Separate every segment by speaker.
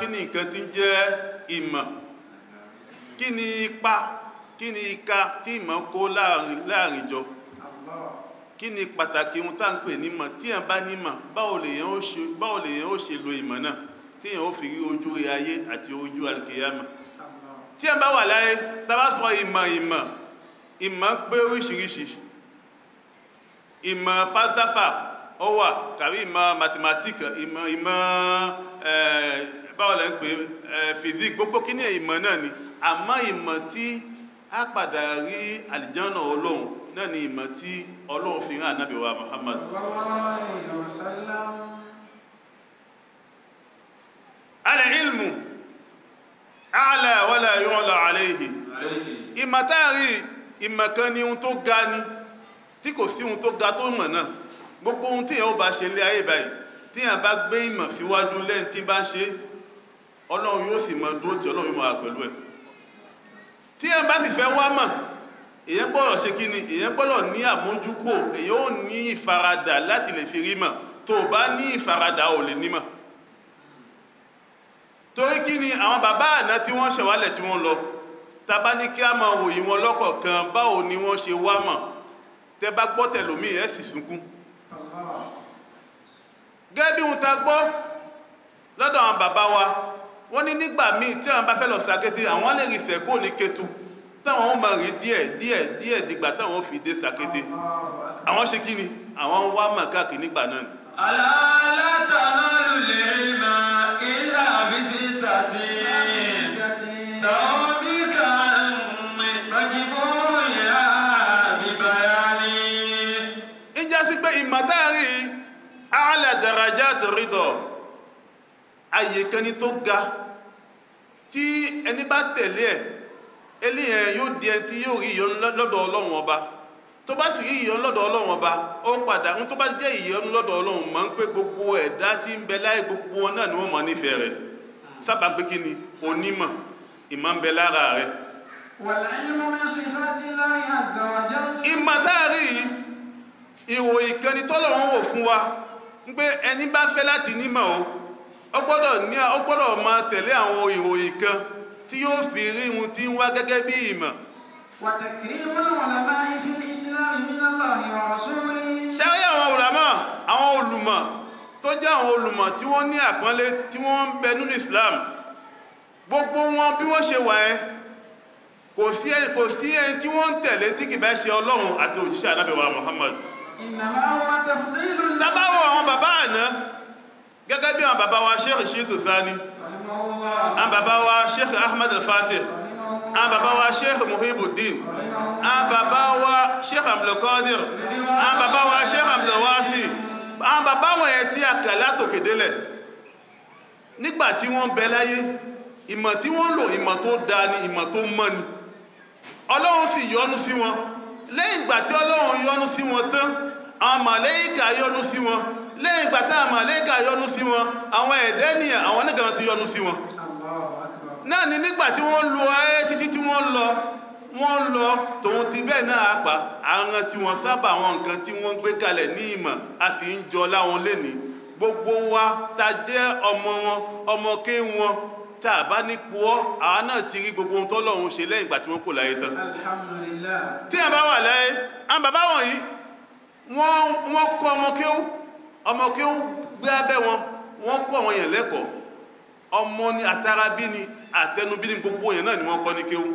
Speaker 1: kí ni nǹkan tí ń jẹ́ ìmọ̀ kí ni ipa kí ni ika tí ìmọ̀ kó láàrin jọ kí ni pàtàkì ohun tá ń pè nímọ̀ tí èèyàn bá nímọ̀ báwo lèèyàn ó ṣe lo ìmọ̀ náà tí èèyàn ó fi rí ojú rí ayé àti ojú alkiyama tí èèyàn bá wà láyé tá bá sọ ìmọ̀ ìmọ̀ ìmọ̀ pé oríṣiríṣi ìmọ̀ falsafa ó wà kàrí ìmọ̀ mathematics ìmọ̀ ìmọ̀ báwo lẹ́ ń pè physics gbogbo kí ní ìmọ̀ náà ni àmọ́ ìmọ̀ tí a padà rí àlìjánà ọlọ́run náà ni ìmọ̀ tí ọlọ́run fi rán ànábì wa Muhammad al-ilmu a'la wala yu'la alayhi ìmọ̀ táàrí ìmọ̀ kan ni ohun tó ga ni tí kò sí ohun tó ga tó mọ̀ náà gbogbo ohun tí èèyàn bá ṣe lé ayé báyìí tí èèyàn bá gbé ìmọ̀ síwájú lẹ́yìn tí bá ń ṣe é ọlọ́run yóò sì mọ dúró tí ọlọ́run yóò máa pẹ̀lú ẹ̀ tí ẹ bá sì fẹ́ wá mọ̀ èyàn gbọ́dọ̀ ṣe kí ni èyàn gbọ́dọ̀ ní àmójúkò èyàn ò ní ìfaradà láti lè fi rí mọ̀ tó bá ní ìfaradà ò lè nímọ̀ torí kí ni àwọn bàbá àná tí wọ́n ṣẹ̀wálẹ̀ tí wọ́n lọ tàbá ní kí a mọ̀ òyìn wọn lọ́kọ̀ọ̀kan báwo ni wọ́n ṣe wá mọ̀ tẹ bá gbọ́ tẹlòmí ẹ̀ sì sunkún gẹ́gẹ́ bí wọn ta gbọ́ lọ́dọ̀ àwọn bàbá wa wọ́n ní nígbà míì tí àwọn bá fẹ́ lọ sàkété àwọn lè rìn sẹ́kó ní ketu táwọn ó máa rìn díẹ̀ díẹ̀ díẹ̀ dìgbà táwọn ó fi dé sàkété àwọn ṣe kí ni àwọn ń wá mọ̀ káàkiri nígbà náà ni. alálàtàmọ́ lè mọ ilà bísí tàtí sọ́ọ́. ìmọ̀tàrí àlàdàrájà tó rí dọ̀ ayè kan ní tó ga tí ẹni bá tẹ̀lé ẹ̀ eléyẹn yóò di ẹni tí yóò rí ìyọnu lọ́dọ̀ ọlọ́run ọba tó bá sì rí ìyọnu lọ́dọ̀ ọlọ́run ọba ó padà ń tó bá jẹ́ ìyọnu lọ́dọ̀ ọlọ́run mọ̀ ń pé gbogbo ẹ̀dá tí ń bẹ láyé gbogbo wọn náà ni wọ́n mọ̀ nífẹ̀ẹ́ rẹ̀ sábà pé kí ni onímọ̀ ìmọ̀ ń bẹ lára rẹ̀. ìmọ̀ táàrí ìròyìn kan ni tọ́lọ́run wò fún wa ń pé ẹni bá fẹ́ láti nímọ̀ o ó gbọ́dọ̀ ní ó gbọ́dọ̀ máa tẹ̀lé àwọn ìròyìn kan tí yóò fi rí ohun tí ń wá gẹ́gẹ́ bí ìmọ̀. ṣẹ́rí àwọn ulama àwọn olùmọ̀ tó jẹ́ àwọn olùmọ̀ tí wọ́n ní àpọ́nlé tí wọ́n kò sí ẹni kò sí ẹni tí wọ́n ń tẹ̀lé tí kì ṣe Ọlọ́run àti òjíṣẹ́ anábẹ̀wà Muhammad. ìnàbáwọ̀ àtẹ̀fúdé ìlú. tábàwọ̀ àwọn bàbá àná gẹ́gẹ́ bí àwọn bàbá wa sheikh shitu thani àwọn bàbá wa sheikh ahmed al-fatih àwọn bàbá wa sheikh muhibuddin àwọn bàbá wa sheikh abdulkadir àwọn bàbá wa sheikh abdulwasi àwọn bàbá wọn ẹ̀ tí a kà látòkèdélẹ̀ nígbà tí wọ́n bẹ láyé ìmọ̀ tí wọ́n lò ìmọ̀ tó dáa ni ìmọ̀ tó mọ́ ni ọlọ́run sì yọ́nú sí wọn lẹ́yìn ìgbà tí ọlọ́run yọ́nú sí wọn tán àwọn màlẹ́yìnkà yọ́nú sí wọn lẹ́yìn ìgbà tá a màlẹ́kà yọ́nú sí wọn àwọn ẹ̀dẹ́ nìyà àwọn nígbà tí yọ́nú sí wọn náà ni nígbà tí wọ́n lọ ayé títí tí wọ́n lọ wọ́n lọ tòun ti bẹ́ẹ̀ náà àpá àwọn tí wọ́n sábà àwọn nǹkan tí wọ́n gbé kalẹ̀ ní ìmọ̀ a sì ń jọ láwọn lénìí gbogbo wa ta jẹ́ ọmọ wọn ọmọ ké wọn tá a bá nípò ọ́ àwa náà ti rí gbogbo ohun tọ́lọ́run ṣe lẹ́yìn ìgbà tí wọ́n kò láyé tán alhamdulillah tí a bá wà láyé àwọn bàbá wọ̀nyí wọ́n kọ́ ọmọ kéwú ọmọ kí ó gbé abẹ́ wọn wọ́n kọ́ àwọn èèyàn lẹ́kọ̀ọ́ ọmọ ni àtàràbí ni àtẹnubí ni gbogbo èèyàn náà ni wọ́n kọ́ ní kéwú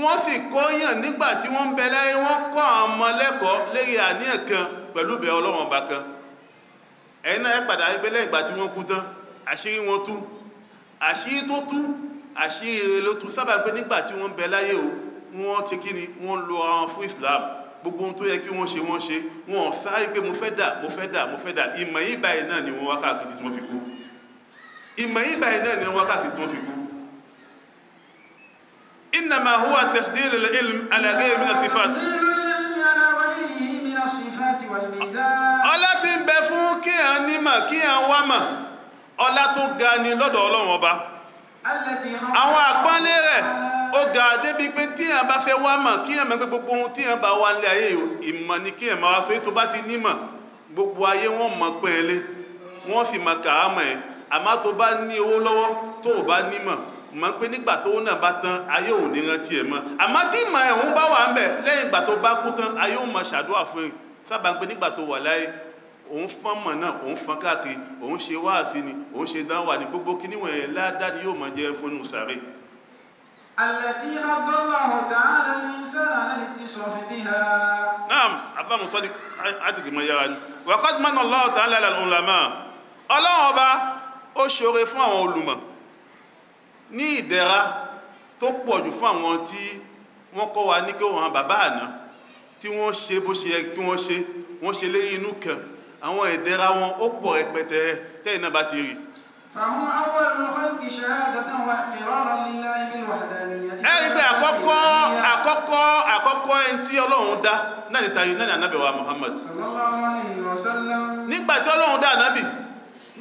Speaker 1: wọ́n sì kọ́ yàn nígbà tí wọ́n ń bẹ láyé wọ́n kọ́ àwọn ọmọ lẹ́kọ̀ọ́ léyìn àníyàn kan pẹ̀lú bẹ̀ ọlọ́wọ́n ọba kan ẹ̀yin náà ẹ padà ẹgbẹ́ lẹ́yìn ìgbà tí wọ́n kú tán àṣírí wọn tú àṣírí tó tú àṣírí rẹ̀ ló tú sábà pé nígbà tí wọ́n ń bẹ láyé o wọ́n ti kí ni wọ́n lo àwọn fún Islam gbogbo ohun tó yẹ kí wọ́n ṣe wọ́n ṣe wọ́n sáré pé mo fẹ́ dà mo fẹ́ dà mo fẹ́ dà ìmọ̀ yìí báyìí náà ni wọ́n wá káàkiri tí wọ́n fi kú ìmọ̀ yìí báyìí náà ni wọ́n wá káàkiri tí wọ́n fi kú. innama huwa tafdil al-ilm ala ghayri min as ọlá tí ń bẹ fún kí à ń kí à ń ọlá tó ga ni lọ́dọ̀ ọlọ́run ọba àwọn àpọ́nlé rẹ̀ ó ga débi pé tí èèyàn bá fẹ́ wá mọ̀ kí èèyàn mọ̀ pé gbogbo ohun tí èèyàn bá wá nílé ayé ìmọ̀ ni kí èèyàn máa wá torí tó bá ti nímọ̀ gbogbo ayé wọ́n mọ̀ pín ẹlé wọ́n sì mọ̀ kàámọ̀ ẹ̀ àmọ́ tó bá ní owó lọ́wọ́ tó ò bá nímọ̀ mọ̀ pé nígbà tó náà bá tán ayé ò ní rántí ẹ̀ mọ́ àmọ́ tí ìmọ̀ ẹ̀hún bá wà ń bẹ̀ lẹ́yìn ìgbà tó bá kú tán ayé ò mọ̀ ṣàdúrà fún ẹ sábà ń pé nígbà tó wà láyé òun fọ́n mọ̀ náà òun fọ́n káàkiri òun ṣe wáàsí ni òun ṣe dánwà ní gbogbo kíní wọ̀nyẹn ládá ni yóò mọ̀ jẹ́ fúnnu sàré. àlàtí Allahu ta'ala al-insana al-ittisaf biha. naam afamu sọ́dí àtìkì mọ yára ni wa qad ta'ala ala al-ulama ọlọ́run ọba ó ṣoore fún àwọn olùmọ̀ ní ìdẹ̀ra tó pọ̀ jù fún àwọn tí wọ́n kọ́ wa ní kí wọ́n bàbá àná tí wọ́n ṣe bó ṣe yẹ kí wọ́n ṣe wọ́n ṣe léyìn inú kan àwọn ìdẹ̀ra wọn ó pọ̀ rẹpẹtẹ tẹ́yìn náà bá ti rí ẹ̀rí pé àkọ́kọ́ àkọ́kọ́ àkọ́kọ́ ẹni tí ọlọ́run dá náà ni tayọ náà ni ànábì wa Muhammad nígbà tí ọlọ́run dá ànábì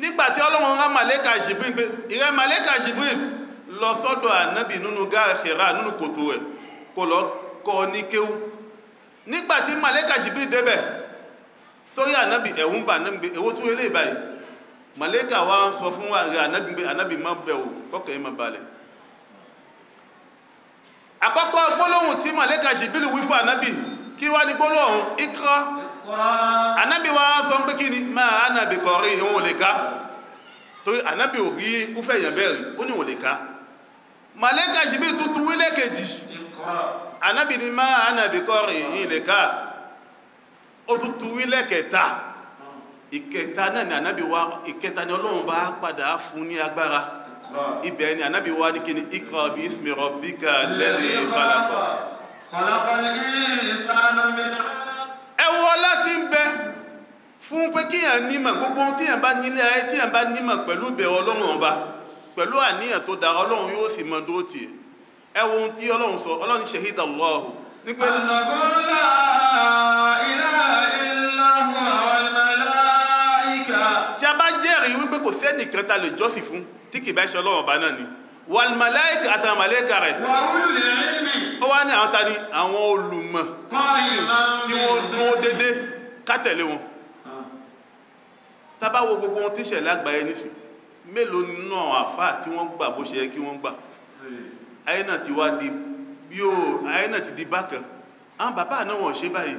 Speaker 1: nígbà tí ọlọ́run rán màlẹ́kà Jibril pé ìrẹ́ màlẹ́kà Jibril lọ sọ́dọ̀ ànábì nínú gáà nínú kòtò rẹ̀ kò lọ ní kéwú nígbà màlẹ́kà Jibril débẹ̀ torí ànábì ẹ̀rù ń bà ànábì ewó tó ilé ìbáyìí màlẹ́kà wá ń sọ fún ààrẹ ànábì pé ànábì má bẹ̀rù kọ́kẹ́ má balẹ̀ àkọ́kọ́ gbólóhùn tí màlẹ́kà Jibril wí fún ànábì kí wá ní gbólóhùn ikra ànábì wá sọ pé kí ni máa ànábì kọ̀rí ìhun òlè ká torí ànábì ò rí kúfẹ́ èèyàn bẹ́ẹ̀ rí ó ní òlè ká màlẹ́kà Jibril tuntun wílẹ̀ kejì ànábì ni máa ànábì kọ̀rí ìhun òlè ká ó tún tuwí lẹ́kẹta ìkẹta náà ni ànábì wa ìkẹta ni ọlọ́run bá padà fún ní agbára ibẹ̀ ni ànábì wa ní kíni ikra bí ismi rabbika alladhi khalaqa ẹwọ́ láti ń bẹ fún pé kíyàn nímọ̀ gbogbo tíyàn bá nílé ayé tíyàn bá nímọ̀ pẹ̀lú bẹ̀ ọlọ́run ọba pẹ̀lú àníyàn tó dára ọlọ́run yóò sì mọ dúró tiẹ̀ ẹwọ́n tí ọlọ́run sọ ọlọ́run shahidallahu ní pé. àlọ́gbọ́n náà kò sẹ́nìkan ta lè jọ́sìn fún tí kì bá ṣe ọlọ́run ọba náà ni wàlmàláìkà àtàwọn màláìkà rẹ̀ ó wá ní àwọn ta ni àwọn olùmọ̀ tí wọ́n dúró dédé ká tẹ̀lé wọn ah. tá bá wo gbogbo ohun tí ṣẹlẹ̀ àgbáyé nísì mélòó nínú àwọn àfáà tí wọ́n gbà bó ṣe yẹ kí wọ́n gbà ayé náà ti wá di yóò ayé náà ti di bákan àwọn bàbá náà wọ́n ṣe báyìí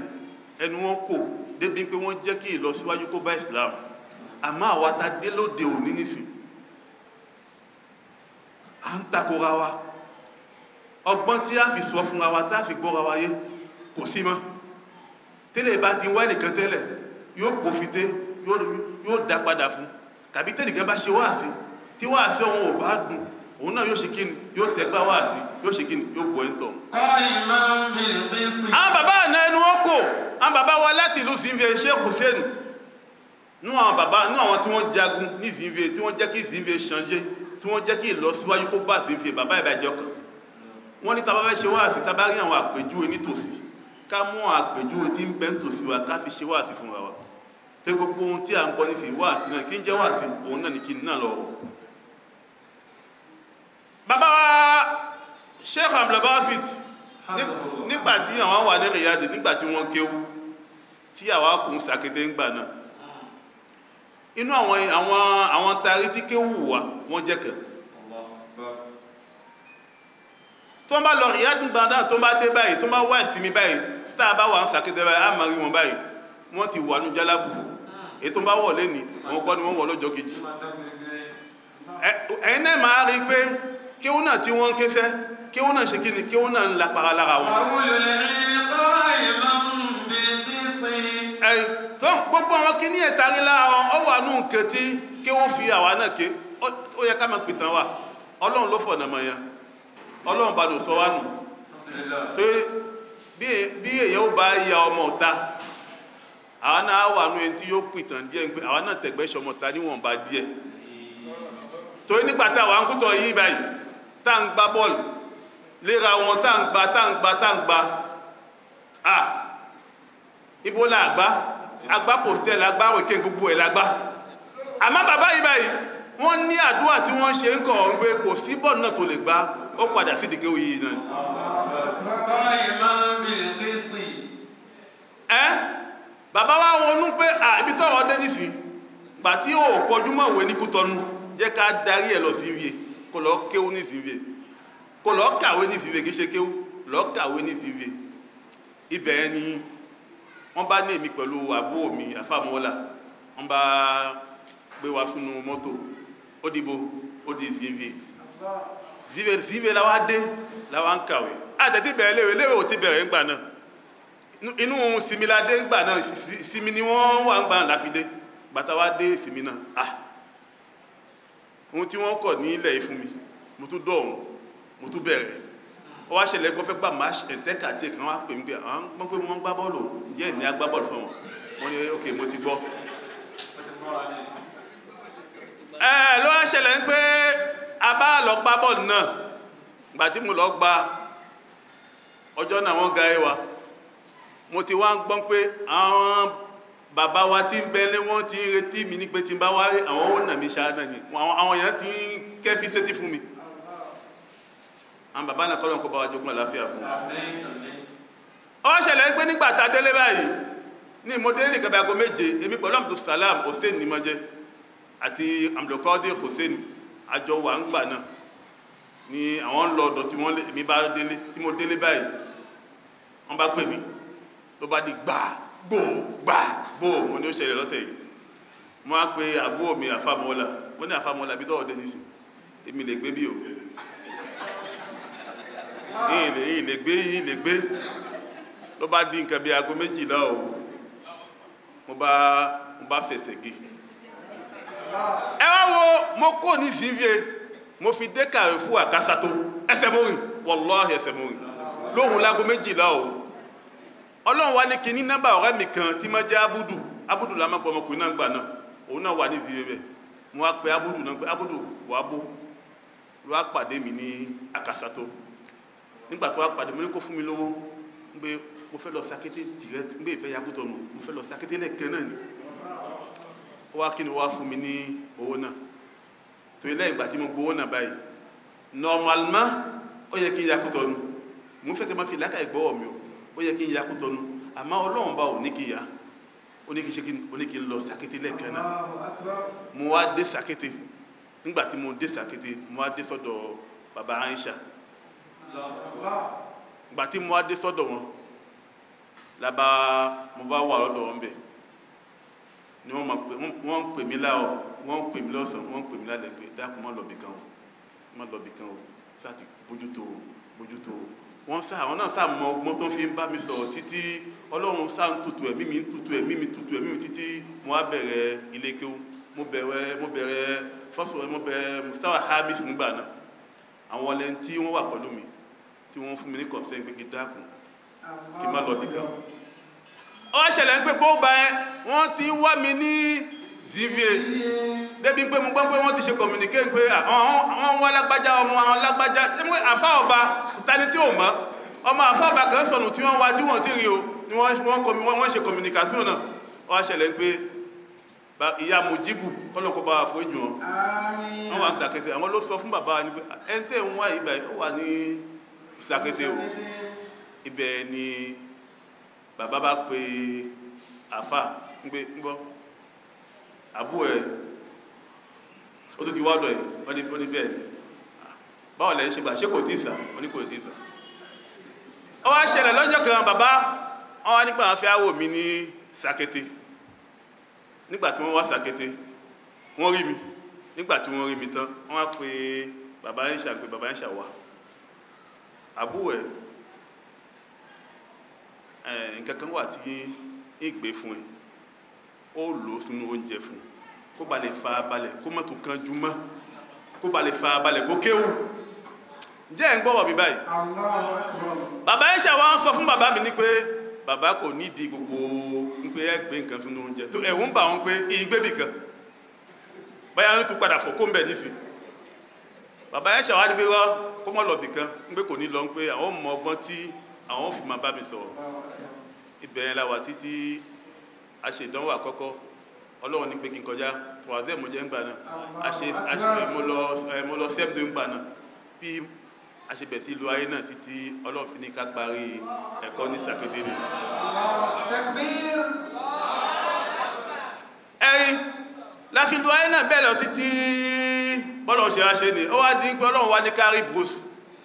Speaker 1: ẹnu wọn kò débi pé wọ́n jẹ́ kí ìlọsíwájú kó bá Islam àmọ́ àwa ta dé lóde òní nìsín à ń takora wa ọgbọ́n tí a fi sọ fúnra wa tá a fi gbọ́ra wa yé kò sí mọ́ tẹ́lẹ̀ bá ti wá nìkan tẹ́lẹ̀ yóò pòfité yóò dá padà fún tàbí tẹ́nìkan bá ṣe wáàsí tí wáàsí ọ̀hún ò bá dùn òun náà yóò ṣe kí ni yóò tẹ̀gbá wáàsí yóò ṣe kí ni yóò bọ̀ ẹ́ńtọ̀. àwọn bàbá àná ẹnu wọn kò àwọn bàbá wa láti ìlú sí ń fi ṣe Hussein nú àwọn bàbá nú àwọn tí wọ́n jagun ní Zinvie tí wọ́n jẹ́ kí Zinvie changer tí wọ́n jẹ́ kí ìlọsíwájú kó bá Zinvie bàbá ìbàjẹ́ ọkàn wọ́n ní tá bá fẹ́ ṣe wáàsí tá bá rí àwọn àpèjúwe nítòsí ká mú àpèjúwe tí ń bẹ nítòsí wa ká fi ṣe wáàsí fúnra wa pé gbogbo ohun tí à ń gbọ́ nísìnyí wáàsí náà kí ń jẹ́ wáàsí òun náà ni kí n náà lọ wọ̀ bàbá wa Sheikh Abdulbasit nígbà tí àwọn wà ní Riyadh nígbà tí wọ́n kéwú tí àwa kùn sàkété ńgbà náà inú àwọn àwọn àwọn taari tí kéwù wá wọ́n jẹ́ kẹ́ tó ń bá lọ ìyádùn gbàdá tó ń bá dé báyìí tó ń bá wá ìsinmi báyìí tá a bá wà ń sàkété báyìí á máa rí wọn báyìí wọ́n ti wà ní jálábù èyí tó ń bá wọ̀ lẹ́ni wọn kọ́ ni wọ́n wọ̀ lọ́jọ́ kejì ẹ̀yin náà máa rí pé kéwù náà tí wọ́n ń kéṣẹ́ kéwù náà ṣe kí ni kéwù náà ń lapara lára wọn. àwọn olùrìn mi kọ́ ìmọ̀ tó gbogbo àwọn kí ní ẹ̀tàrí láàrọ̀ ọ wà ní ǹkẹ́ tí kí wọ́n fi àwa náà ké ó yẹ ká mọ̀ pìtàn wa ọlọ́run ló fọ̀nà mọ̀ yẹn ọlọ́run bá nù sọ wá nù tó bí èèyàn ó bá ya ọmọ ọ̀ta àwa náà wà ní ẹni tí yóò pìtàn díẹ̀ pé àwa náà tẹ̀gbẹ́sọ ọmọ ọ̀ta níwọ̀nba díẹ̀ tó nígbà táwa ń kútọ̀ yí báyìí tá à ń gbá bọ́ọ̀lù léra wọn tá ń gba tá ń gba tá ń gba ah ibola la gbá agbá postel agbá wèké gbogbo ẹ̀ lágbá àmọ́ bàbá yìí báyìí wọ́n ní àdúrà tí wọ́n ṣe ń kọ̀ ọ́n pé kò sí bọ́ọ̀lù náà tó lè gbá ó padà sí ìdíkẹ́ òye yìí náà. ẹ bàbá wa wọnú pé ibi tọrọ dé nísìn gbà tí ò kọjú mọ́ òwe ní kútọ́nu jẹ́ ká darí ẹ̀ lọ sí ibi kò lọ kéwú ní sí ibi kò lọ kàwé ní sí ibi kì í ṣe kéwú lọ kàwé ní sí ibi ibẹ̀ ni wọ́n bá ní èmi pẹ̀lú àbúrò mi afámọ́lá wọ́n bá gbé wa sínú mọ́tò ó dìbò ó di zive zive zive làwa dé làwa ń kàwé àtẹ̀tí bẹ̀rẹ̀ léwe léwe ò ti bẹ̀rẹ̀ ńgbà náà inú sinmi la dé ńgbà náà sinmi ni wọ́n wà ńgbà náà láfi dé bàtà wa dé sinmi náà ah ohun tí wọ́n kọ̀ nílẹ̀ ìfún mi mo tún dọ̀ ọ̀hún mo tún bẹ̀rẹ̀ ó wá ṣẹlẹ̀ gbọ́ fẹ́ gbà match ẹ̀ńtẹ́kà tí èkìrán wá pè mí pé àwọn gbọ́n pé wọ́n gbá bọ́ọ̀lù jẹ́ ìní agbá bọ́ọ̀lù fún wọn wọ́n ní ok mo ti gbọ́. ẹ ló wá ṣẹlẹ̀ ń pé a bá lọ gbá bọ́ọ̀lù náà gbà tí mo lọ gba ọjọ́ náà wọ́n ga ẹ wa mo ti wá ń gbọ́n pé àwọn bàbá wa tí ń bẹ́lẹ́ wọ́n ti ń retí mi ní pé tí ń bá wá rí àwọn ó nà mí ṣáá náà ni àwọn èèyàn ti ń kẹ́fí sétí fún mi àwọn bàbá náà kọ́lọ̀ ń kó bá wa jogún àlàáfíà fún ọ ṣẹlẹ̀ pé nígbà tá a délé báyìí ní mo nìkan bí aago méje èmi pẹ̀lú àmì salam hussein ni mo jẹ́ àti amdokodi hussein àjọ wà ń gbà náà ni àwọn ń lọ ọ̀dọ̀ tí wọ́n lé èmi bá délé tí mo délé báyìí wọ́n bá pè mí ló bá di gbà gbò gbà gbò mo ní ó ṣẹlẹ̀ lọ́tẹ̀ yìí mo á pe àbúrò mi àfàmọ́lá mo ní àfàmọ́lá bí tọ́wọ́ dé nísìn èmi lè gbé bí o. ìyìn lè gbé lè gbé ló bá di nǹkan bí aago méjìlá o mo bá mo bá fẹsẹ̀ gé ẹ wá wo mo ní mo fi dé kàwé fún àkásà tó ẹsẹ̀ mo rìn wàláhì ẹsẹ̀ mo rìn lóhùn láago méjìlá o ọlọ́run wá ní kí nọ́mbà ọ̀rẹ́ mi mo jẹ́ abudu abudu la ma gbọ́ ọmọkùnrin náà gbà náà òun náà wà ní zivie bẹ́ẹ̀ pe abudu náà pé abudu bó lọ́wọ́ pàdé mi ní nígbà tó wá padà mo ní kó fún mi lówó ń gbé mo fẹ́ lọ sakété direct ń gbé ìfẹ́ yagútọ̀ nù mo fẹ́ lọ sakété lẹ́ẹ̀kan náà ni ó wá kí ni wá fún mi ní owó náà torí lẹ́yìn ìgbà tí mo gbowó náà báyìí normalement ó yẹ kí n yagútọ̀ nù mo fẹ́ kí n máa fi lákàá ìgbọ́wọ̀ mi o ó yẹ kí n yagútọ̀ nù àmọ́ ọlọ́run bá ò kí n kí gbà tí mo wá dé sọ́dọ̀ wọn lába mo bá wà lọ́dọ̀ wọn bẹ̀ ni wọ́n ń pè mí láọ̀ wọ́n ń pè mí lọ́sàn-án wọ́n ń pè mí lálẹ́ pé dákun mọ́ lọ́bì kan o mọ́ lọ́bì kan o sáàtì bójútó o bójútó o wọ́n sá àwọn náà sá mọ ọgbọ́n tó fi ń bá mi sọ̀rọ̀ títí ọlọ́run sá ń tutù ẹ̀mí mi ń tutù ẹ̀mí mi tutù ẹ̀mí mi títí mo wá bẹ̀rẹ̀ ilé kéwú mo bẹ̀rẹ̀ mo bẹ̀rẹ̀ fọ́sọ̀rọ̀ mo bẹ̀rẹ̀ mustawa hamis nígbà náà àwọn ọlẹ́ni tí wọ́n wà pẹ̀lú mi tí wọ́n fún mi ní kọ̀fẹ́ gbé kí dákùn kí má lọ bìkan ó ṣẹlẹ̀ ń pé gbóògbà ẹ wọ́n ti ń wá mi ní zva débi pé mo gbọ́ pé wọ́n ti ṣe communicate pé àwọn ń wá lágbájá ọmọ àwọn lágbájá tí wọ́n àfá ọba tani tí ò mọ́ ọmọ àfá ọba kan sọnù tí wọ́n wá tí wọ́n ti rí o ni wọ́n ṣe communication náà ó ṣẹlẹ̀ ń pé ìyá mojibu kọ́lọ̀kọ́ bá fojú wọn wọ́n wà ń sàkẹ́tẹ̀ àwọn ló sọ fún bàbá ẹni pé ẹni tẹ́ ń wá ìgbà ó wà ní ìsàkété o ibẹ̀ ni bàbá bá pe àfà ń pé ń gbọ́ àbú ẹ̀ ó tó ti wádọ̀ ẹ̀ wọ́n ní bẹ́ẹ̀ ni báwo lẹ́ ṣe gbà ṣé kò tí ìsà wọ́n ní kò tí ìsà ó wá ṣẹlẹ̀ lọ́jọ́ kan bàbá wọ́n wá nígbà wọn fẹ́ àwò mi ní sàkété nígbà tí wọ́n wá sàkété wọ́n rí mi nígbà tí wọ́n rí mi tán wọ́n wá pe bàbá ń ṣàpè bàbá ń ṣàwà Abu eh, nǹkan kan wà tí ń gbé fún ẹ ó lò sínú oúnjẹ fún kó ba lè fa balẹ̀ kó má tó kánjú mọ́ kó ba lè fa balẹ̀ kó kéwù ǹjẹ́ ẹ̀ ń gbọ́wọ̀ mi báyìí bàbá ẹ̀ṣẹ̀ wa ń sọ fún bàbá mi ní pé bàbá kò nídìí gbogbo ń ẹ gbé nǹkan sínú oúnjẹ tó ẹ̀wọ̀n bà wọn pé ìyìn kan báyà ń tún padà fò kó ń bẹ̀ nísìn bàbá ẹ̀ṣẹ̀ wa ní pé kó mọ́ lọ bìkan ń pé kò ní lọ ń pé àwọn mọ ọgbọ́n tí àwọn fi máa bá mi sọ̀rọ̀ ibẹ̀ yẹn la wà títí a ṣe ìdánwò àkọ́kọ́ ọlọ́run ní pé kí n kọjá tòwázẹ́ mo jẹ́ ń gbà náà a ṣe mo lọ sẹ́ẹ̀dù ń gbà náà bí a ṣe bẹ̀ sí ìlú ayé náà títí ọlọ́run fi ní ká parí ẹ̀kọ́ ní sàkété rẹ̀. ẹ̀yin láfi lu ayé náà bẹ́ẹ̀ títí bọ́lọ̀ ṣe ráṣẹ́ ni ó wá di pé ọlọ́run wá ní kárí bruce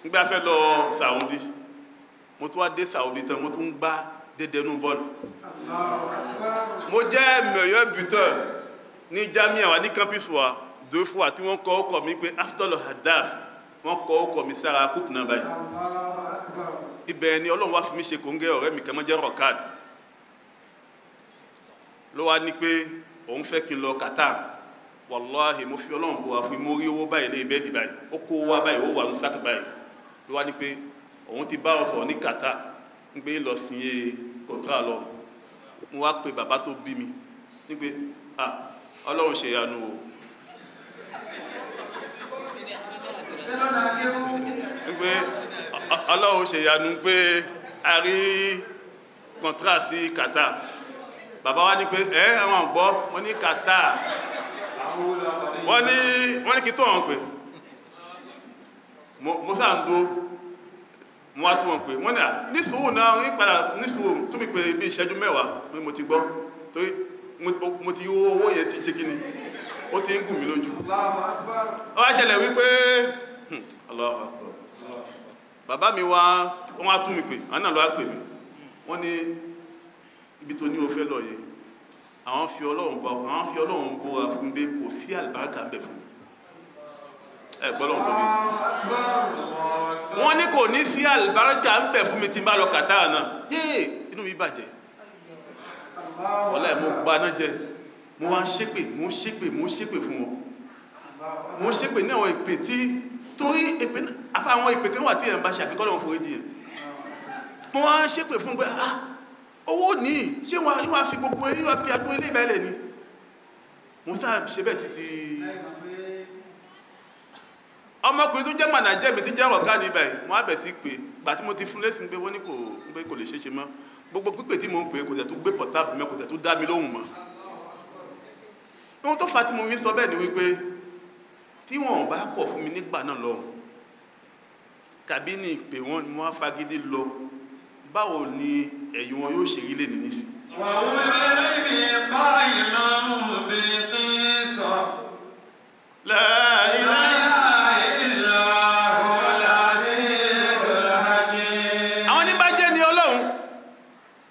Speaker 1: nígbà fẹ́ lọ Saudi mo tún wá dé Saudi tán mo tún ń gbá dédénú bọ́ọ̀lù mo jẹ́ meilleur buteur ní jamia wa ní campus wa dòfúwa tí wọ́n kọ ọkọ̀ mi pé afdol hadaf wọ́n kọ ọkọ̀ mi sára kúpù náà báyìí ibẹ̀ ni ọlọ́run wá fi mí ṣe kòńgẹ́ ọ̀rẹ́ mi kan mọ́ jẹ́ rọ̀kad ló wá ní pé òun fẹ́ kí n lọ Qatar wàláhì mo fi ọlọ́run kó wa fún mo rí owó báyìí lé bẹ́ẹ̀dì báyìí ó kó wá báyìí ó wà ní sáàkì báyìí ló wá ní pé òun ti bá wọn sọ̀rọ̀ ní kàtà ń gbé lọ sí iye kọ̀ǹtà lọ mo wá pe bàbá tó bí mi ní pé ah ọlọ́run ṣe ìyanu o. pé ọlọ́run ṣe ìyanu pé a rí kọ̀ǹtà sí kàtà bàbá wa ní pé ẹ àwọn àgbọ̀ mo ní kàtà. wọ́n ní wọ́n ní kí tó mo sáà ń dúró mo wá tó wọn pè wọ́n ní à ní sùúrù náà ń padà ní sùúrù tó mi bí ìṣẹ́jú mẹ́wàá pé mo ti gbọ́ torí mo ti owó owó yẹn ti ṣe kí hmm, ni ó ti ń gùn mí lójú wá ṣẹlẹ̀ wípé mi wá wọ́n tún mi pè àwọn náà pè mí ibi tó ní o fẹ́ àwọn fi ọlọ́run bọ àwọn fi ọlọ́run bọ fún pé kò sí àlùbáríkà ń bẹ fún mi ẹ gbọ́dọ̀ tó bí. wọ́n ní kò ní sí àlùbáríkà ń bẹ fún mi tí n bá lọ kàtà náà yéè inú mi bàjẹ́ wọ́lá mo gbaná jẹ mo wá ń ṣépè mo ń ṣépè mo ń ṣépè fún wọn mo ń ṣépè ní àwọn èpè tí torí èpè àfa àwọn èpè kan wà tí ẹ̀ ń bá ṣe àfikọ́ lọ́wọ́ foríjì yẹn mo wá ń ṣépè fún pé ah owó ní ṣé wọ́n fi gbogbo ẹni wọ́n fi agbó ilé ìbẹ̀lẹ̀ ni mo sáà ṣe bẹ́ẹ̀ títí ọmọkùnrin tó jẹ́ mànàjẹ́ mi ti jẹ́ ọ̀gá ní ibẹ̀ wọ́n á bẹ̀ sí pé gbà tí mo ti fún lẹ́sìn pé wọ́n ní kò lè ṣeéṣe mọ́ gbogbo pípé tí mo ń pè kò tẹ̀ tó gbé pọ̀tábù mẹ́ kò tẹ̀ tó dá mi lóhùn mọ́ ohun tó fa tí mo fi sọ bẹ́ẹ̀ ni wípé tí wọ́n bá kọ̀ fún mi nígbà náà lọ kàbí ní ìpè wọn ni wọ́n á fagídí lọ báwo ni ẹ̀yìn wọn yóò ṣe ilé nìyí sí. àwọn ní ni ọlọ́run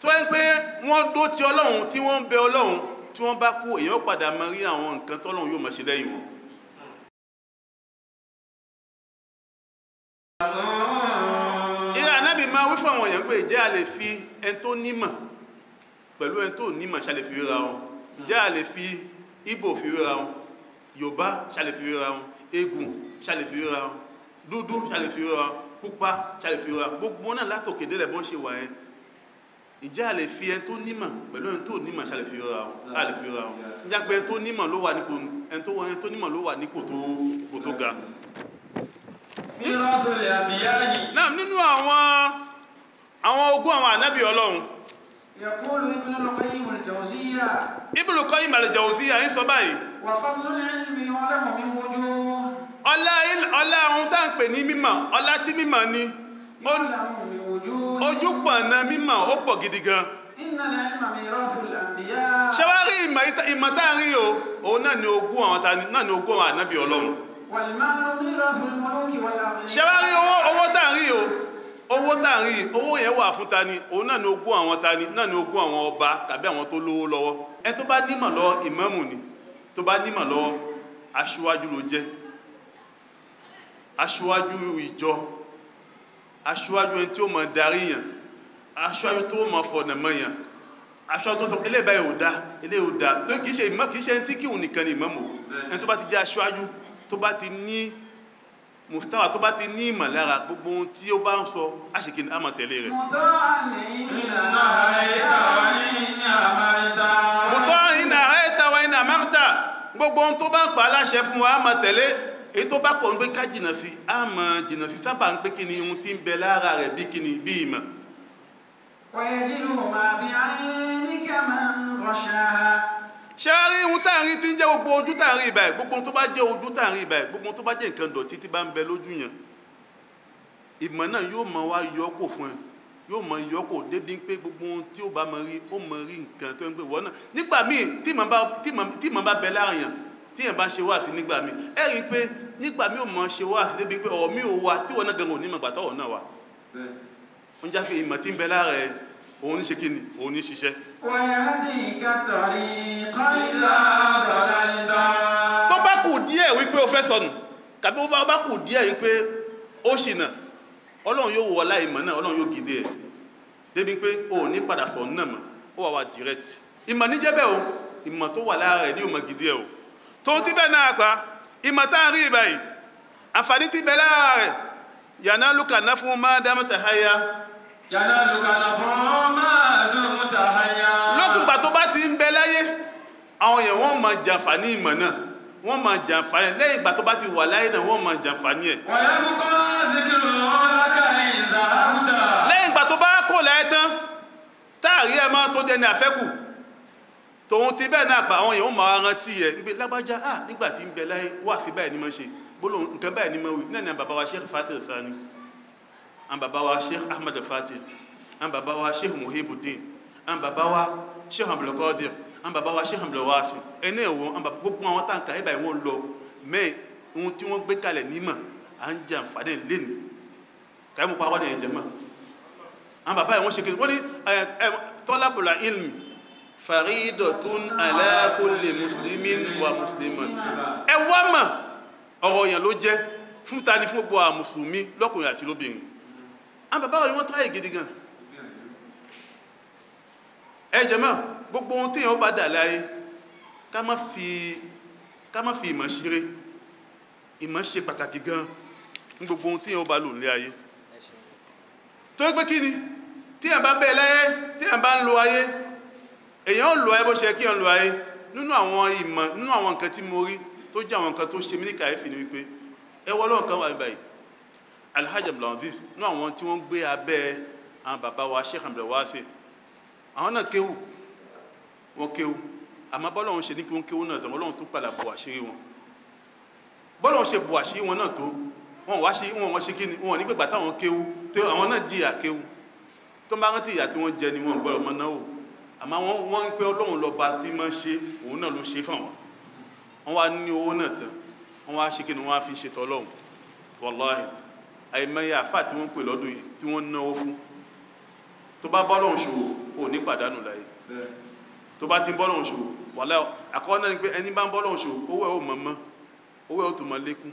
Speaker 1: tó ń pé wọ́n dó ti ọlọ́run tí wọ́n ń bẹ ọlọ́run tí wọ́n bá kú èèyàn padà máa rí àwọn nǹkan tọ́lọ́run yóò máa ṣe lẹ́yìn wọn anábì máa wí fún àwọn èèyàn pé ìjẹ́ a lè fi ẹn tó nímọ̀ pẹ̀lú ẹn tó nímọ̀ ṣàlè fi ríra wọn ìjẹ́ a lè fi Ìgbò fi ríra wọn Yorùbá ṣàlè fi ríra wọn eégún ṣàlè fi ríra wọn dúdú ṣàlè fi ríra wọn pupa ṣàlè fi ríra wọn gbogbo náà látòkè délẹ̀ bọ́n ṣe wà yẹn ìjẹ́ a lè fi ẹn tó nímọ̀ pẹ̀lú ẹn tó nímọ̀ ṣàlè fi ríra wọn a fi ríra wọn ìjà pé ẹn tó nímọ̀ ló wà nípò tó ga náà nínú àwọn àwọn ogún àwọn ànábì ọlọ́run Ibnul Qayyim al-Jawziyya ń sọ báyìí ọlá ohun tá ń pè ní mímọ̀ ọlá tí mímọ̀ ni ojú pọ̀nà mímọ̀ ó pọ̀ gidi gan ṣe wá rí ìmọ̀ tá ń rí o òun náà ni ogún àwọn ànábì ọlọ́run ṣẹ́wárí owó owó tá ń rí o owó tá à ń rí owó yẹn wà fún ta ni òun náà ni ogún àwọn ta ni náà ni ogún àwọn ọba tàbí àwọn tó lówó lọ́wọ́ ẹ tó bá nímọ̀ lọ ìmáàmù ni tó bá nímọ̀ lọ aṣíwájú ló jẹ́ aṣíwájú ìjọ aṣíwájú ẹni tí ó mọ̀ darí yàn aṣíwájú tó mọ̀ fọ̀nà mọ̀ yàn aṣọ tó sọ eléyìí báyìí ò dáa eléyìí ò dáa tó kìí ṣe ìmọ̀ kìí ṣe ẹni tí kìí nìkan ni ìmáàmù ẹni tó bá ti jẹ́ aṣíwájú tó bá ti ní mustawa tó bá ti ní ìmọ̀lára gbogbo ohun tí ó bá ń sọ àṣìkí ní àmọ̀ tẹ̀lé rẹ̀ mùtọ́ ìnà àìta wa ìnà àmárta gbogbo ohun tó bá ń pa aláṣẹ fún wa àmọ̀ tẹ̀lé èyí tó bá kọ̀ ń pé ká jìnà sí àmọ̀ jìnà sí sábà ń pé kíni ohun tí ń bẹ lára rẹ̀ bí kíni bí ìmọ̀ wọ́n yẹ jìnnà máa bí àyíníkà máa ń rọ̀ṣà ṣe rí ohun táàrin tí ń jẹ́ gbogbo ojú táàrin ìbàyẹ̀ gbogbo tó bá jẹ́ ojú táàrin ìbàyẹ̀ gbogbo tó bá jẹ́ nǹkan dọ̀tí tí bá ń bẹ lójú yẹn ìmọ̀ náà yóò mọ wá yọ kò fún ẹ yóò mọ yọ kò débi pé gbogbo ohun tí ó bá mọ rí ó mọ rí nǹkan tó ń pè wọ́n náà nígbà míì tí mọ̀ bá bẹ láàrin yẹn tí yẹn bá ṣe wáàsí nígbà míì ẹ rí i pé nígbà míì ò mọ ṣe wáàsí débi pé ọ̀ mi ò wá tí wọn náà gan òní mọ̀ gbàtọ́ ọ̀ náà wá. ó ń jáfe ìmọ̀ tí ń bẹ lára ẹ òun ní ṣe kí ni òun ní ṣiṣẹ́. wọ́n yá dì í kátàrí fẹ́ sọnù tàbí ó bá kù díẹ̀ yìí pé ó ṣìnà ọlọ́run yóò wọ láìmọ̀ náà ọlọ́run yóò gidi ẹ̀ débi pé o ní padà sọ̀nù náà ó wà wá direct ìmọ̀ níjẹ́ bẹ́ẹ̀ o ìmọ̀ tó wà lára ẹ̀ ní ìmọ̀ gidi ẹ̀ o tó ti bẹ́ẹ̀ náà pa ìmọ̀ tá a rí ìbàyìí àǹfààní ti bẹ lára rẹ̀ yàná lùkà náà fún má dámọ̀tà háyà. yàná lùkà náà fún má dámọ̀tà háyà. lókùngbà tó bá ti ń bẹ láyé àwọn wọ́n máa jàǹfààní lẹ́yìn ìgbà tó bá ti wà láyé náà wọ́n máa jàǹfààní ẹ̀. lẹ́yìn ìgbà tó bá kò láyé tán táàrí ẹ máa tó dẹni àfẹ́kù tòun ti bẹ́ẹ̀ náà pa àwọn èèyàn máa rántí ẹ̀ níbi lágbájá à nígbà tí ń bẹ láyé wà sí báyìí ni mo ṣe gbólóhùn nǹkan báyìí ni mo wí náà ni bàbá wa Sheikh Fatih Sani an bàbá wa Sheikh Ahmed Fatih an bàbá wa Sheikh Muhibuddin an wa Sheikh Abdulkadir àwọn bàbá wa Sheikh Abdul Wasi ẹni ẹ̀wọ̀n àwọn bàbá gbogbo àwọn táǹkà ẹ̀bà ìwọ̀n lọ mẹ́ẹ̀ ohun tí wọ́n gbé kalẹ̀ nímọ̀ à ń jẹ àǹfààní lẹ́nu káyọ̀ mú pa wá dẹ̀yẹ̀ jẹ̀mọ́ àwọn bàbá yẹn ṣe kiri wọ́n ní tọ́lábùlà ilmi faridotun ala kulli muslimin wa muslimat ẹ wá mà ọ̀rọ̀ yẹn ló jẹ́ fún ta ni fún gbogbo àwọn mùsùlùmí lọ́kùnrin àti lóbìnrin àwọn bàbá yẹn wọ́n tráyè gidi gan ẹ jẹ̀mọ́ gbogbo ohun tí èèyàn bá dà láyé ká má fi ká má fi ìmọ̀ ṣeré ìmọ̀ ṣe pàtàkì gan ní gbogbo ohun tí èèyàn bá lò ní ayé tó pé kí ni tí èèyàn bá bẹ́ẹ̀ láyé tí èèyàn bá ń lo ayé èèyàn ò lo ayé bó ṣe kí èèyàn lo ayé nínú àwọn ìmọ̀ nínú àwọn nǹkan tí mo rí tó jẹ́ àwọn nǹkan tó ṣe mí ní kàyéfì ni wípé ẹ wọ́n lọ́wọ́ kan wà báyìí Alhaji Abdulaziz nínú àwọn tí wọ́n gbé abẹ́ àwọn bàbá wa Sheikh Abdulwasi àwọn náà kéwù wọ́n kéwú àmọ́ bọ́lọ́run ṣe ní kí wọ́n kéwú náà tán Ọlọ́run tó padà bò àṣírí wọn bọ́lọ́run ṣe bò àṣírí wọn náà tó wọn wá ṣe wọn wọ́n ṣe kí ni wọn ní pẹ̀gbà táwọn kéwú tó àwọn náà jìyà kéwú tó ń bá rántí ìyà tí wọ́n jẹ ni wọn gbọ́dọ̀ mọ náà o àmọ́ wọn wọ́n ń pẹ́ Ọlọ́run lọ́ba tí máa ṣe òun náà ló ṣe fáwọn wọn wá ní owó náà tán wọn wá ṣe kí ni wọn á fi ṣe tọ́lọ́run wọláhì àìmọye àfà tí wọ́n pè lọ́dún yìí tí wọ́n náwó fún tó bá bọ́ ṣòwò ò ní pàdánù láyé tó bá ti ń bọ́lọ̀ ṣò wàhálà àkọ́kọ́ náà ni pé ẹni bá ń bọ́lọ̀ ṣò owó ẹ̀ ò mọ̀ mọ́ owó ẹ̀ ò tó mọ̀ lékún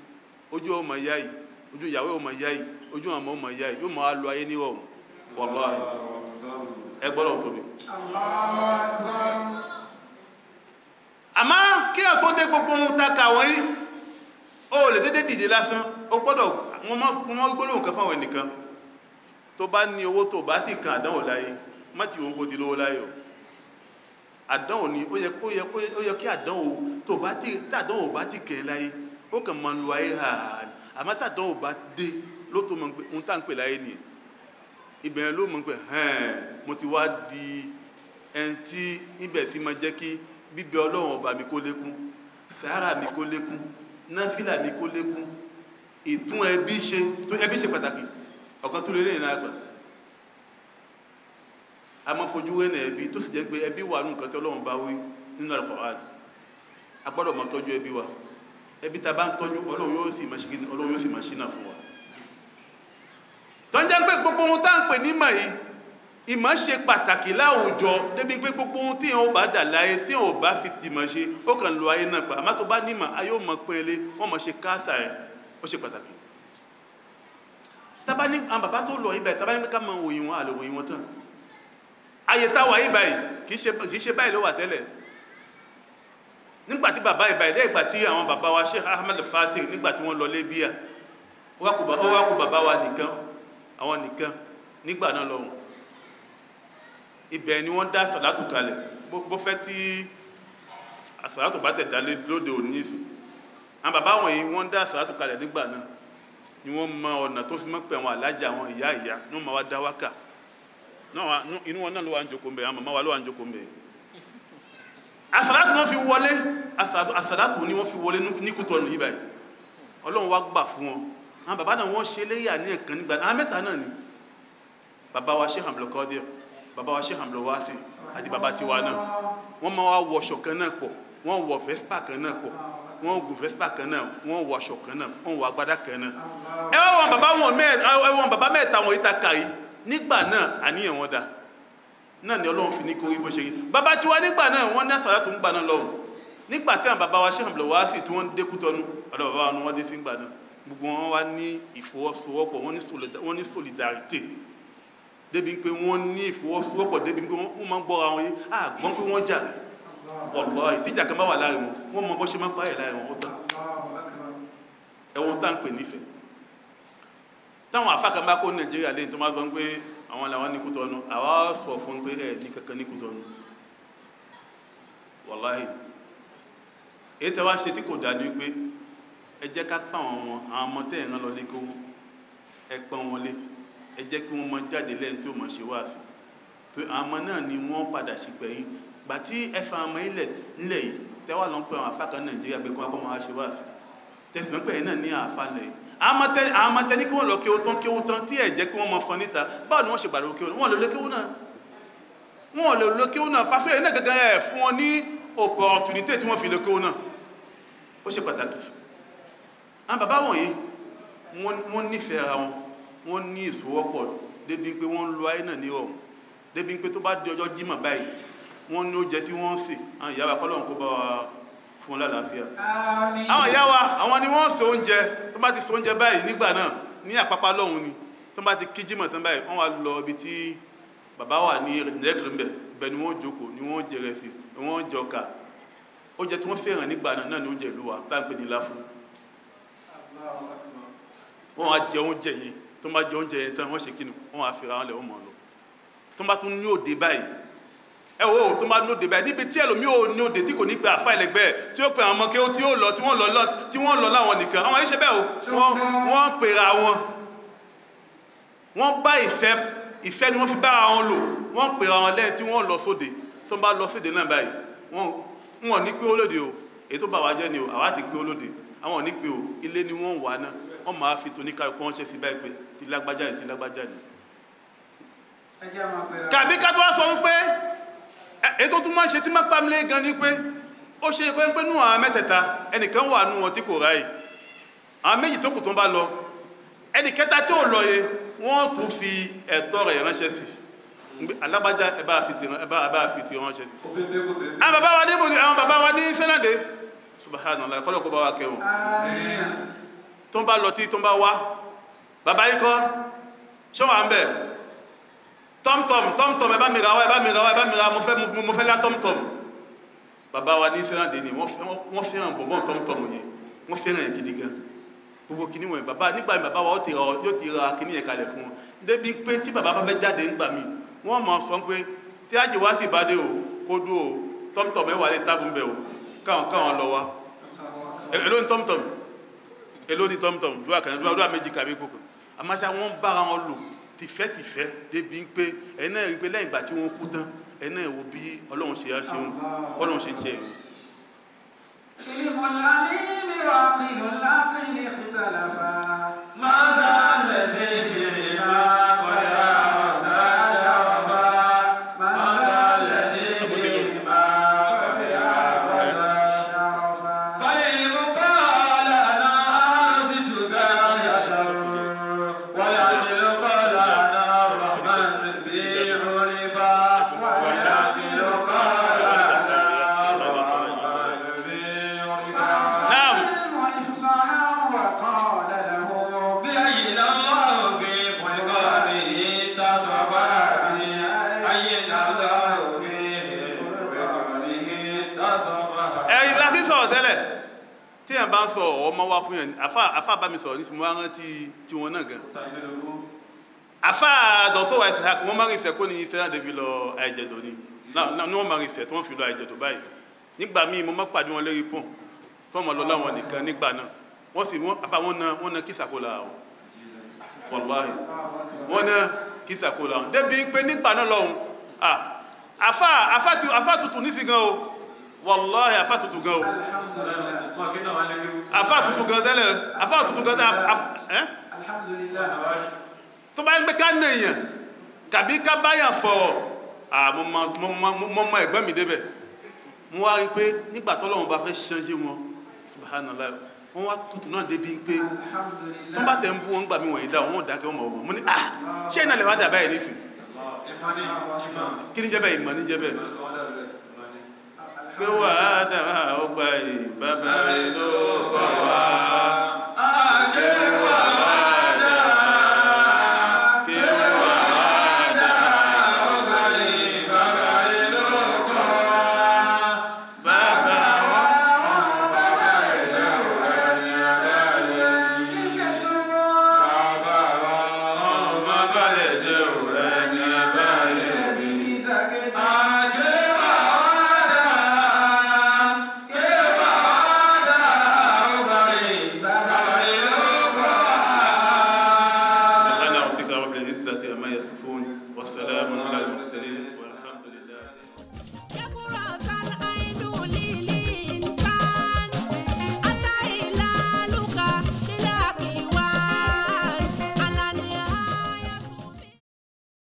Speaker 1: ojú ọmọ ìyá yìí ojú ìyàwó ọmọ ìyá yìí ojú ọmọ ọmọ ìyá yìí yóò máa lo ayé ní ọ̀hún wallahi ẹ gbọ́dọ̀ tóbi. àmọ́ kí ẹ̀ tó dé gbogbo ohun ta kàwọ́ yìí ó lè dédé dìde lásán ó gbọ́dọ̀ wọ́n mọ́ gbólóhùn kan fáwọn ẹnìkan o àdánwò ni ó yẹ kó yẹ kó yẹ kí àdánwò tó bá ti tàdánwò bá ti kẹ̀yìn láyé ó kàn máa ń lo ayé ha àmọ́ tàdánwò bá dé ló tó mọ̀ pé ohun tá à ń pè láyé nìyẹn ibẹ̀ yẹn ló mọ̀ pé hẹ́n mo ti wá di ẹni tí ibẹ̀ ti máa jẹ́ kí bíbẹ ọlọ́run ọba mi kó lékún sàárà mi kó lékún náfìlà mi kó lékún ìtún ẹbí ṣe tó ẹbí ṣe pàtàkì ọ̀kan tó lè lè ní àgbà a máa fojú wé ní ẹbí tó sì jẹ́ pé ẹbí wà nǹkan tí ọlọ́run bá wí nínú al a gbọ́dọ̀ máa tọ́jú ẹbí wa ẹbí ta bá ń tọ́jú ọlọ́run yóò sì máa ṣìkì ọlọ́run yóò sì máa ṣínà fún wa tó ń jẹ́ pé gbogbo ohun tá à ń pè ní ìmọ̀ yìí ìmọ̀ ṣe pàtàkì láwùjọ débi pé gbogbo ohun tí èèyàn bá dà láyé tí èèyàn bá fi tìmọ̀ ṣe ó kàn lo ayé náà pa àmọ́ tó bá nímọ̀ ayé ò mọ̀ pín ilé wọ́n mọ̀ ṣe káàsà rẹ̀ ó ṣe pàtàkì tábà àwọn bàbá tó lọ ibẹ̀ tábà ká mọ òyìnwó àlòwòyìnwó tán ayé táwà yìí báyìí kìí ṣe báyìí ló wà tẹ́lẹ̀ nígbàtí bàbá ìbáyìí lẹ́gbà tí àwọn bàbá wa Sheikh Ahmed Fatih nígbàtí wọ́n lọ lébíà ó wá kú bàbá wa nìkan àwọn nìkan nígbà náà lọ́hùn ibẹ̀ ni wọ́n dá sàlátù kalẹ̀ bó fẹ́ tí sàlátù bá tẹ̀ dá lóde òní ìsìn àwọn bàbá wọn yìí wọ́n dá sàlátù kalẹ̀ nígbà náà ni wọ́n mọ ọ̀nà tó fi mọ́ pẹ̀ àwọn alájà àwọn ìyá ìyá ni wọ́n máa wá dá wákà náà inú wọn náà ló wà ń jókòó mbẹ àwọn màmá wa ló wà ń jókòó mbẹ asàlátù náà fi wọlé asàlátù ni wọ́n fi wọlé ní kútọ́nù yìí báyìí ọlọ́run wá gbà fún wọn àwọn bàbá náà wọ́n ṣe léyà ní ẹ̀kan nígbà àwọn mẹ́ta náà ni bàbá wa Sheikh Abdul Qadir bàbá wa Sheikh Abdul Wasi àti bàbá tiwa náà wọ́n máa wá wọṣọ kan náà pọ̀ wọ́n wọ vespa kan náà pọ̀ wọ́n gùn vespa kan náà wọ́n wọ aṣọ kan náà wọ́n wọ agbádá kan náà ẹ wọ́n bàbá mẹ́ta wọ̀nyí ta kà yìí nígbà náà àníyàn wọn dá náà ni ọlọ́run fi ní kó ibo ṣe yìí bàbá tí wá nígbà náà wọ́n ní àsàrà tó ń gbà náà lọ́hùn nígbà tí àwọn bàbá wa ṣe àmì lọ́wọ́ sí tí wọ́n ń dékútọ́nu ọ̀dọ̀ bàbá wọn wọ́n dé sí ìgbà náà gbogbo wọn wá ní ìfọwọ́sowọ́pọ̀ wọ́n ní solidarité débi pé wọ́n ní ìfọwọ́sowọ́pọ̀ débi pé wọ́n máa ń gbọ́ra wọn yé àgbọ́n pé wọ́n jà ọ̀pọ̀ ìtìjà táwọn àfáàkà bá kó nàìjíríà lè tó má sọ pé àwọn làwọn ní Kútọ́nù àwa sọ fún pé ẹ̀ ní kankan ní Kútọ́nù wàláhì èyí tẹ́wà ṣe tí kò dájú pé ẹ jẹ́ ká pa àwọn ọmọ àwọn ọmọ tẹ́ ìran lọ kó ẹ wọn lé ẹ kí wọ́n mọ jáde lẹ́yìn tó mọ̀ ṣe wá sí pé àwọn ọmọ náà ni wọ́n padà sí gbẹ̀yìn gbà tí ẹ fa ọmọ ilẹ̀ nílẹ̀ yìí tẹ́wà lọ́n pẹ́ àwọn afákan Nàìjíríà pé kí wọ́n ṣe wá sí tẹ̀sán pẹ̀yìn náà ní àfalẹ̀ yìí àmọ́ tẹni kí wọ́n lọ kí o tán kí o tán tí ẹ̀ jẹ́ kí wọ́n mọ fọn níta báwo ni wọ́n ṣe gbàdúrà kí o wọ́n lè lókè wọn náà wọ́n lè lókè wọn náà pàṣẹ ẹ̀ náà gẹ́gẹ́ ẹ̀ fún wọn ní opportunity tí wọ́n fi lókè wọn náà ó ṣe pàtàkì àwọn bàbá wọ̀nyí wọ́n nífẹ̀ẹ́ ara wọn wọ́n ní ìṣòwọ́pọ̀ débi pé wọ́n ń lo ayé náà ní ọ̀hún débi pé tó bá di ọjọ́ jímọ̀ báyìí wọ́n ní oúnjẹ tí wọ́n ń sè àwọn ìyá wa kọ́lọ́run kó bá wa fún lálàáfíà àwọn ìyá wa àwọn ni wọ́n ṣe oúnjẹ tó bá ti ṣe oúnjẹ báyìí nígbà náà ní àpapá lọ́hùn ni tó bá ti kíjímọ̀ tán báyìí wọ́n wá lọ ibi tí bàbá wà ní nẹ́gìrìmbẹ̀ ibẹ̀ ni wọ́n jókòó ni wọ́n jẹ rẹsì ni wọ́n jẹ ọkà oúnjẹ tí wọ́n fẹ́ràn nígbà náà náà ni oúnjẹ ìlú wa tá à ń pè ní láfù wọ́n á jẹ oúnjẹ yẹn tó bá jẹ ẹ wo tó máa nóde báyìí níbi tí ẹlòmíì ò ní òde tí kò ní pe àfa ẹlẹgbẹ́ tí ó pe àwọn ọmọ kí ó tí ó lọ tí wọ́n lọ tí wọ́n lọ láwọn nìkan àwọn ẹṣẹ bẹ́ẹ̀ o wọ́n pera wọn wọ́n bá ìfẹ́ ìfẹ́ ni wọ́n fi bára wọn lò wọ́n pera wọn lẹ́yìn tí wọ́n lọ sóde tó ń bá lọ sóde náà báyìí wọ́n wọ́n ní pé olóde o èyí tó bá wá jẹ́ ni o àwa ti pé olóde àwọn ní pé o ilé ni wọ́n wà náà wọ́n máa fi toníkàlùkù wọn ṣe sí báyìí pé ti lágbájá ni ti lágbájá ni. kàbí ká tó wá sọ wípé ètò tó máa ń ṣe tí máa pàmílẹ̀ gan ní pé ó ṣe pé ń pé nù àwọn mẹ́tẹ̀ta ẹnìkan wà nù wọn tí kò ráyè àwọn méjì tó kù tó ń bá lọ ẹnìkẹta tí ò lọ yẹ wọ́n tún fi ẹ̀tọ́ rẹ̀ ránṣẹ́ sí alábájá ẹbá fi ti ránṣẹ́ sí àwọn bàbá wa ní mò ní àwọn bàbá wa ní sẹ́nàdé subhanallah kọ́lọ̀kọ́ bá wa kẹwọn tó ń bá lọ tí tó ń bá wá bàbá yín kọ́ ṣọ́wà ń bẹ̀ẹ́ Tom Tom ẹ bá mi ra wá ẹ bá mi ra wá ẹ bá mi ra mo fẹ́ mo fẹ́ lá tọ́mtọ́m bàbá wa ní fẹ́ràn dé ni wọ́n fẹ́ràn Tom Tom, yẹn wọ́n fẹ́ràn yẹn gidi gan gbogbo kìíní wọn bàbá nígbà mi bàbá wa yóò ti ra yóò ti ra kìíní yẹn kalẹ̀ fún wọn débi pé tí bàbá bá fẹ́ jáde ńgbà mi wọ́n mọ̀ sọ pé tí àjò wá sì bá dé o kó dúró o tọ́mtọ́m ẹ wà lè tábù ńbẹ o káwọn káwọn lọ wa èló ni tọ́mtọ́m èló ni tọ́mtọ́m dúró àkànní dúró àméjì kàbí kòkò àmọ́ sá wọ́n bára wọn lò tìfẹ́tìfẹ́ débi pé ẹ̀yin náà rí pé lẹ́yìn ìgbà tí wọ́n kú tán ẹ̀yin náà wo bí ọlọ́run ṣe ṣe ń ọlọ́run ṣe ń ṣe ẹ̀rù. kìlìmọ̀lá ní mìíràn kìlọ̀ lákìlì ìtàlàfà sọ̀rọ̀ tẹ́lẹ̀ tí yàn bá ń sọ ọmọ wa fún yàn afá bá mi sọ̀rọ̀ ní sinmi wọ́n rántí tí wọ́n náà gan afá dọ̀tọ̀ wa ìsẹ̀hàkù wọ́n máa ń ìsẹ̀kó ní sẹ́nà débi lọ àìjẹ̀dọ̀ ni ní wọ́n máa ń ìsẹ̀ tí wọ́n fi lọ àìjẹ̀dọ̀ báyìí nígbà míì mo máa pàdé wọn lérí pọ̀n fọ́ọ̀mù ọlọ́lá wọn nìkan nígbà náà wọ́n sì afá wọn na wọn na kí sàkólà ọ̀ wọ̀lúwàhì wọn na kí sàkólà ọ̀ débi pé nígbà náà lọ́hùn wallahi àfáàtùtù gan o àfáàtùtù gan tẹ́lẹ̀ àfáàtùtù gan tẹ́lẹ̀ tó bá ń gbé ká nìyàn tàbí ká báyà fọ̀ mọ́mọ́ ẹ̀gbọ́n mi débẹ̀ mo wá rí pé nígbà tọ́lọ́run bá fẹ́ ṣanjú wọn subhanallah wọ́n wá tutù náà débi pé tó bá tẹ̀ ń bú wọn gbà mí wọ̀nyí dá wọn ò dákẹ́ wọn mọ̀ mo ní ah ṣé iná wá dà nífẹ̀ẹ́ kí ni jẹ́ bẹ́ẹ̀ ìmọ̀ ní jẹ́ bẹ́ẹ̀ pé wàá dà ó gba ìbábá rẹ lọ́wọ́.